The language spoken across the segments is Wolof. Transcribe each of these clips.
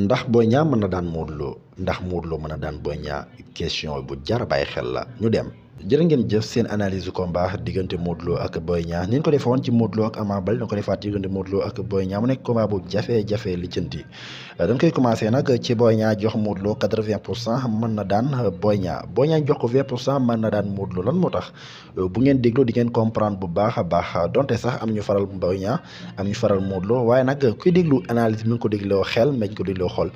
ndax Boy Niang mën na daan Modou Lo ndax Modou Lo mën na daan Boy Niang question bu jar a bàyyi xel la ñu dem. jërë ngeen jëf seen analyse du combat diggante Modou Lo ak Boy Niang ni ñu ko defoon ci Modou Lo ak Ama Baldé dañ ko defaat diggante Modou Lo ak Boy Niang mu nekk combat bu jafe euh, dañ koy commencé nag ci Boy Niang jox Modou Lo 80 pour cent mën na daan Boy ñaa Boy Niang jox ko 20 pour cent mën na daan Modou lan moo tax euh, bu ngeen déglu di ngeen comprendre bu baax a baax donte sax am ñu faral Boy Niang am ñu faral Modou Lo waaye nag kuy déglu analyse mi ngi ko dégloo xel mais ñu ko dégloo xol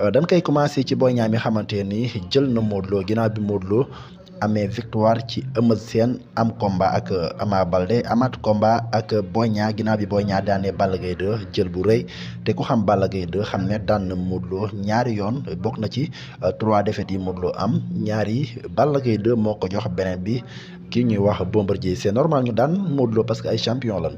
euh, dañ koy commencé ci Boy Niang mi xamante nii jël na Modou Lo ginnaaw bi Modou Lo amee victoire ci Eumeu seen am combat ak euh, amaa balde amaat combat ak Boy Niang ginnaaw bi Boy Niang daanee Balla Gaye 2 jël bu rëy te ku xam Balla Gaye xam ne daan na Modou ñaari yoon bokk na ci euh, trois défaites yi Modou am ñaari Balla Gaye 2 moo ko jox beneen bi kii ñuy wax Bombardier c'est normal ñu daan Modou Lo que ay champion lan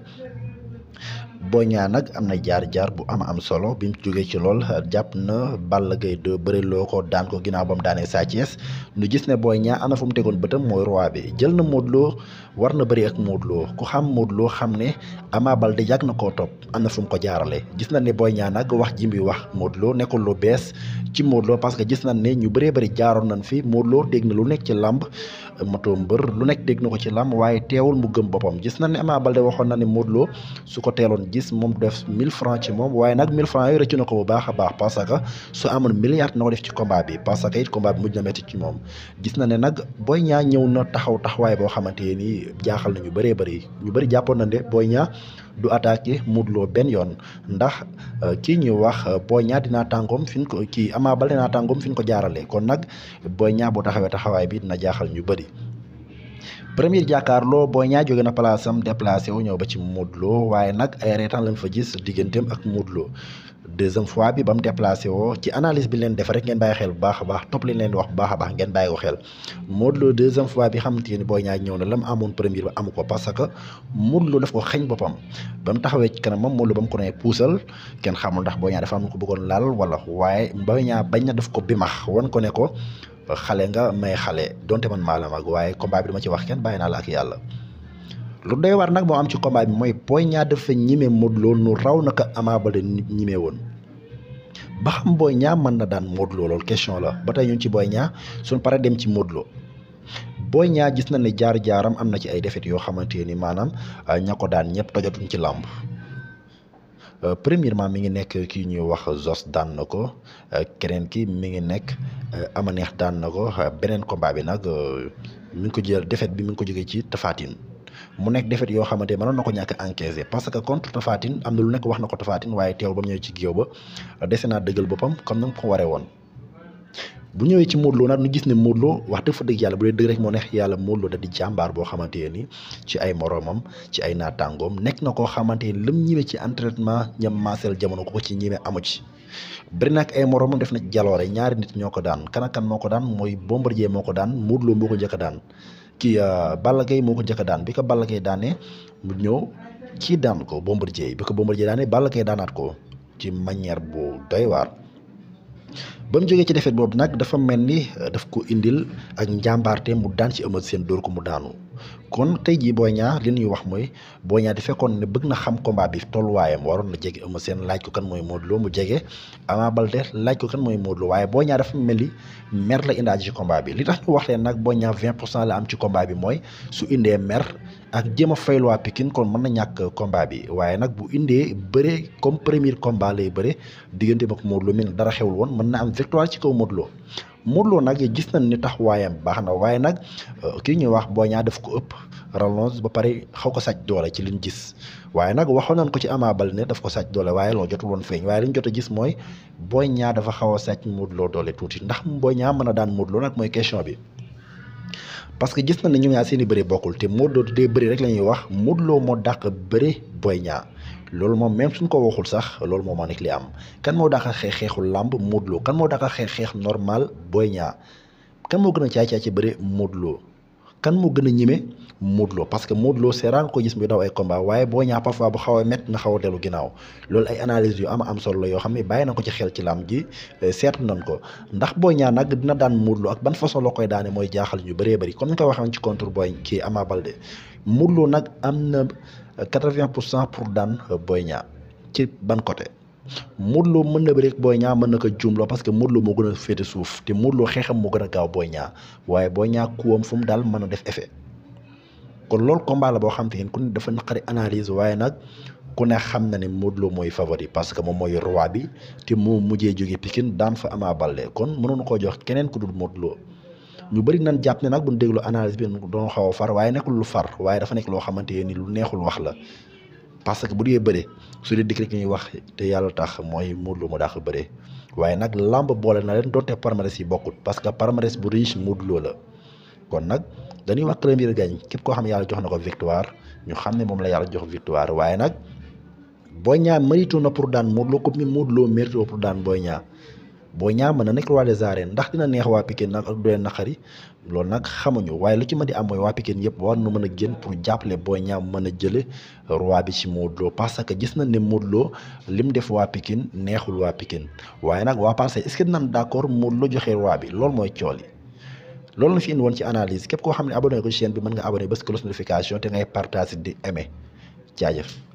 Boy Niang nag am na jaar-jaar bu am am solo bi mu jógee ci lool jàpp na ball gay 2 bëri loo ko daan ko ginnaaw ba mu daanee Sa nu gis ne Boy Niang ana fu mu tegoon bëtam mooy roi bi jël na Modou Lo war na bëri ak Modou Lo ku xam Modou Lo xam ne Ama Baldé yàgg na koo topp am na fu mu ko jaarale gis na ne Boy Niang nag wax ji muy wax Modou Lo nekkul lu bees ci Modou Lo que gis nañ ne ñu bëree bëri jaaroon nañ fi Modou Lo dégg na lu nekk ci làmb matoo mbër lu nekk dégg na ko ci làmb waaye teewul mu gëm boppam gis nañ ne amaa Baldé waxoon na ne Modou Lo su ko teeloon gis moom def mille francs ci moom waaye nag 1000 francs yooyu rëccu na ko bu baax a baax parce que su amoon milliard na ko def ci kombaa bi parce que it combat bi mujj na métti ci moom gis na ne nag Boy Niang ñëw na taxaw taxawaay boo xamante nii jaaxal na ñu bëree bëri ñu bëri jàppoon na ne Boy Niang du attaqué Modou Lo benn yoon ndax euh, kii ñuy wax euh, Boy Niang dinaa tàngoom fi ñu ko kii Ama Baldé tàngoom fi ñu ko jaarale kon nag Boy Niang boo taxawee taxawaay bi dina jaaxal ñu bëri premier jàkkaarloo Boy Niang jóge na place am déplacé wu ñëw ba ci Modou waaye nag ay reetaan lañ fa gis digganteem ak Modou Lo deuxième fois bi ba mu déplacé woo ci analyse bi leen def rek bàyyi xel bu baax baax topp leen leen wax bu baax a baax ngeen bàyyi ko xel Modou Lo bi xamante ni Boy Niang ñëw na la mu amoon premier ba amu ko parce que Modou Lo daf ko xeñ boppam ba mu taxawee ci kanamam Modou Lo ba mu ko nee puusal kenn xamul ndax Boy Niang dafa am ko bëggoon laal wala waaye Boy Niang bañ na def ko bimax wan ko ne ko xale nga may xale donte man maa la mag waaye combat bi dama ci wax kenn bàyyi naa la ak yàlla lu doy war nag moo am ci combat bi mooy Boy Niang dafa ñime Modou Lo nu raw na ko Ama Baldé ñime woon ba xam Boy Niang mën na daan Modou loolu question la ba tey ñun ci Boy Niang suñ pare dem ci Modou Lo Boy gis na ne jaar jaaram am na ci ay défaites yoo xamante ni maanaam ah, ña ko daan ñëpp tojatuñ ci làmp Euh, premièrement mi ngi nekk kii ñuy wax Zos daan na ko euh, keneen ki mi ngi nekk euh, Amaneex daan na ko beneen combat bi nag mi ngi ko jël défaite bi mi ngi ko jógee ci tafaatin mu nekk défaite yoo xamante ne mënoon na ko ñàkk encaissé parce que contre Tafatine am na lu nekk wax na ko tafaatin waaye teew ba mu ñëw ci géew ba dese naa dëggal boppam comme ni mu ko waree woon. bu ñëwee ci Modou Lo nag ñu gis ne Modou wax dëgg fa dëgg yàlla bu dee dëgg rek moo neex yàlla Modou da di jàmbaar boo xamante ni ci ay moromam ci ay naataangoom nekk na koo xamante ni lam ñëwee ci entraînement ñam maaseel jamono ko ci ñime amu ci bari nag ay moromam def na jaloore ñaari nit ñoo ko daan kan ak moo ko daan mooy Bombardier moo ko daan Modou Lo moo ko njëkk a daan kii euh, Balla Gaye moo ko njëkk daan bi ko Balla Gaye daanee mu ñëw kii daan ko Bombardier bi ko Bombardier daanee Balla Gaye daanaat ko ci manière bu doy ba mu jógee ci defet boobu nag dafa mel ni euh, dafa ko indil ak njàmbaarte mu daan ci Eumeu Sène dóor ko mu daanu kon tey jii Boy Niang li ñuy wax mooy Boy Niang di fekkoon ne bëgg na xam combat bi tolluwaayam waroon na jege Eumeu seen laaj ko kan mooy Modou Lo mu jege Ama Baldé laaj ko kan mooy Modou Lo waaye Boy Niang dafa mel ni mer la indaat ci combat bi li tax ñu wax leen nag Boy Niang 20 pour cent la am ci combat bi mooy su indee mer ak jéem a faylu waa kon mën na ñàkk combat bi waaye nag bu indee bëree comme premier combat lay bëre diggante ak Modou Lo mi dara xewul woon mën na am victoire ci kaw Modou Modou Lo nag gis nañ ni tax taxawaayam baax na waaye nag euh, ki ñuy wax Boy Niang daf ko ëpp rallonge ba pare xaw ko sàcc doole ci liñ gis waaye nag waxoon nañ ko ci Ama Baldé ne daf ko sàcc doole waaye loo jotul woon feeñ waaye liñ jot a gis mooy Boy Niang dafa xaw a sàcc Modou Lo doole tuuti ndax Boy Niang mën a daan Modou Lo nag mooy question bi parce que gis na ne ñu ñaar seen i bëri bokkul te Modou Lo dee bëri rek la ñuy wax Modou Lo moo dàq bëri Boy Niang loolu moom même suñ ko waxul sax loolu moo ma nekk li am kan moo dàqa xeex xeexul làmb Modou Lo moo dàqa xeex xeex normal booy Niang kan moo gën a caay caay ci bëre Modou Lo kan moo gën a ñime Modou Lo parce que Modou Lo c'est rare ko gis muy daw ay combat waaye Boy Niang parfois bu xaw a métti na xaw a dellu ginnaaw loolu ay analyse yu am am solo yoo xam ne bàyyi na ko ci xel ci làmb ji euh, seet nañ ko ndax Boy ñaar nag dina daan Modou ak ban façon la daane mooy jaaxal ñu bëree bëri comme ni ko waxee ci contre Boy kii Ama Modou Lo nag am na quatre-vingts pour cent pour daan euh, Boy Niang ci ban côté Modou Lo mën na bëre ak Boy Niang mën na ko juumloo parce que Modou Lo moo gën a féete suuf te Modou Lo xeexam moo gën a gaaw Boy Niang waaye Boy Niang kuwam fu mu daal mën a def effet kon loolu combat boo xam te ne ku ne dafa naqari analyse waaye nag ku ne xam na ne Modou loo mooy favori parce que moom mooy roi bi te mu mujjee jóge Pikine daan fa Ama Baldé kon mënoon koo jox keneen ku dul ñu bëri nan jàpp ne nag bu ñu déglu analyse bi doon xaw a far waaye nekkul lu far waaye dafa nekk loo xamante ni lu neexul wax la parce que bu dee bëre su dee dikk rek ñuy wax te yàlla tax mooy Modou Lo mu dàq bëre waaye nag làmb boole na leen doonte palmarès yi bokkut parce que palmarès bu riche Modou kon nag dañuy wax premier gañ képp koo xam ne yàlla jox na ko victoire ñu xam ne moom la yàlla jox victoire waaye nag Boy Niang mérito na pour daan Modou Lo comme ni loo Lo mérito pour daan Boy Niang Boy Niang mën na nekk roi des arènes ndax dina neex waa Pikine nag ak du leen naqari loolu nag xamuñu waaye lu ci mën di am mooy waa Pikine yëpp war na mën a génn pour jàppale Boy Niang mën a jële roi bi ci Modou Lo parce que gis nañ ne Modou Lo lim def waa Pikine neexul waa Pikine waaye nag waa Parcelles est-ce que dinañ d'accord Modou Lo joxe roi bi loolu mooy cool yi loolu la fi indi woon ci analyse képp koo xam ne abonné ko chaîne bi mën nga abonné bés cloche notification te ngay partage di aimé jaajëf